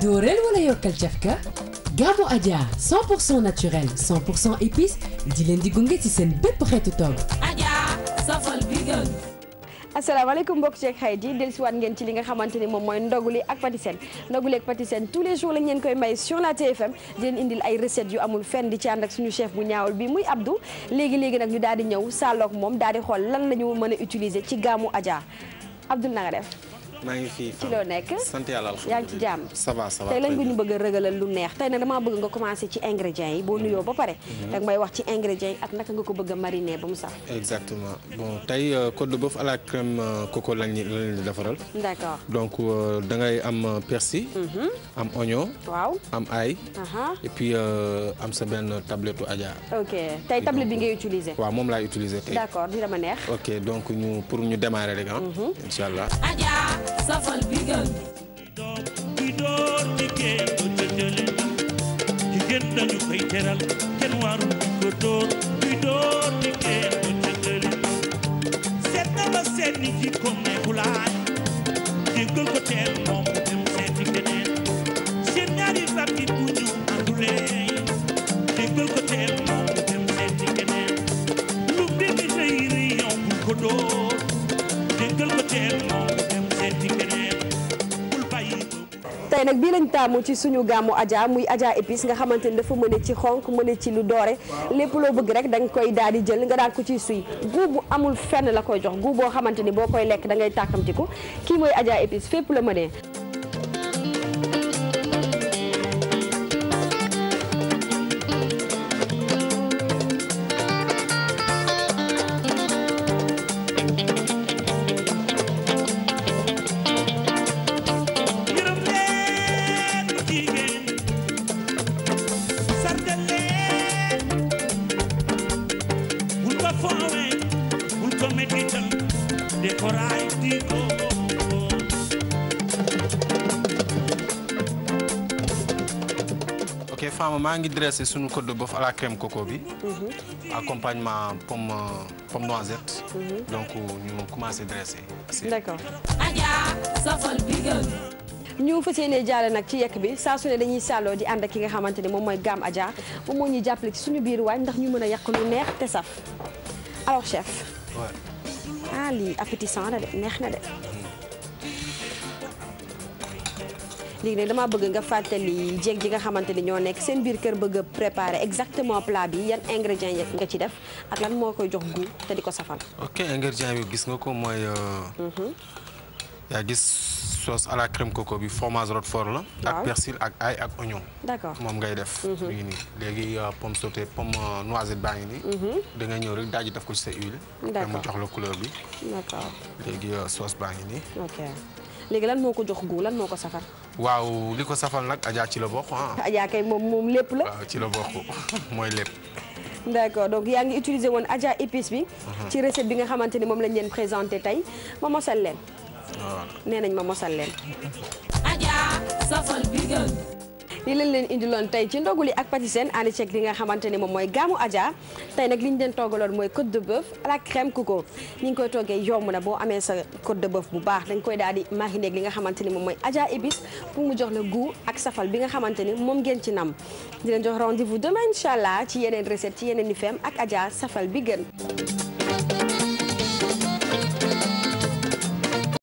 dooreel wala yokkal cafka Gabou Adja 100% naturel 100% épice di leen di gunge ci seen bépp xeetu togg. Adja safal bi gën. asalaamaaleykum mbokk ceeg xarit yi dellusiwaat ngeen ci li nga xamante ni moom mooy ndoguli ak patisen ndoguli ak patisen tous les jours lañ leen koy may sur la TFM di leen indil ay recettes yu amul fenn di ci ànd ak suñu chef bu ñaawal bi muy Abdou léegi-léegi nag ñu daal di ñëw saaloog moom daal di xool lan la ñu mën a utiliser ci gaamu Adja Abdou na maa ngi fi ci loo nekk sant yàlla alhamdulilah yaa ngi ci jàmm ça a rëgalal lu neex tey nag damaa bëgg nga commencé ci ingrédients yi boo mhm. nuyoo ba pare mhm. may wax ci ingrédients yi ak naka nga ko bëgg a mariner ba mu sax exactement bon tey euh, côte de bœuf à la crème euh, coco lañ lañ donc euh, da ngay am persil mhm. am oignon waaw am ail et puis am sa benn tablettu aja ok tey tablette bi ngay utiliser waaw moom laay utiliser tey d'accord dina ma neex ok donc ñu pour ñu démarrer rek ah incha allah safal bi gën doom bi door jigéen ko jëjële jigéen dañu koy teral kenn warul ko door bi door tey nag bii lañ taamu ci suñu gàmmu Adja muy Adja épice nga xamante ni dafa mëne ci xonk mëne ci lu doore lépp loo bëgg rek danga koy daal di jël nga daal ko ciy suy guub bu amul fenn la koy jox guub boo xamante ni boo koy lekk dangay ngay tàkkamtiku kii mooy Adja épice fépp la mënee foowe bul e maa ngi dressé suñu code de boeuf à la crème coco bi mhm. accompagnement pomme pomme noisette mhm. donc euh, ñu commencé dressé d'accord Adja ñu fas yéene jaare nag ci yekk bi saa su ne dañuy sàlloo di ànd ak ki nga xamante ni moom mooy Gaam Adja moom moo ñuy jàppale ci suñu biir waañ ndax ñu mën a yàq lu neex te saf alors chef. ah lii appétissant na de neex na de. léegi nag damaa bëgg nga fàttali jéeg ji nga xamante ni ñoo nekk seen biir kër bëgg a exactement plat bi yan ingrédients yi nga ci def ak lan moo koy jox goût te di ko safal. ok ingrédients bi gis nga ko mooy. Euh, mhm. yaa gis sauce à la crème coco bi fromage roquefort la. ak persil ak ail ak oignon. d'accord moom ngay def. léegi mhm. nii léegi euh, pomme sautée pomme euh, noisette baa ngi nii. Mhm. da nga ñëw rek daal di def ko ci sa huile. d'accord mu jox la couleur bi. léegi euh, sauce baa ngi nii. léegi lan moo ko jox go lan moo ko safar. waaw li ko safal nag Adja ci la bokk ah. Adja kay moom moom lépp la. waaw ci la mooy lépp. d'accord donc yaa ngi utiliser woon Adja épice bi. Mhm. ci recette bi nga xamante ni moom lañ leen présenté tey ma mosal leen. nee nañ ma mosal leen. Adja safal bi gën. li leen leen indiloon tey ci ndogu li ak patisen ànd ceeg li nga xamante ni moom mooy gaamu Adja tey nag li ñu leen toogaloon mooy côte de bœuf à la crème coco ñi ngi koy toogee yomb na boo amee sa côte de bœuf bu baax dañ koy daal di mariner ak li nga xamante ni moom mooy Adja épice pour mu jox la goût ak safal bi nga xamante ni moom ngeen ci nam di leen jox rendez-vous demain incha ci yeneen recette ci yeneen i fem ak Adja safal bi gën.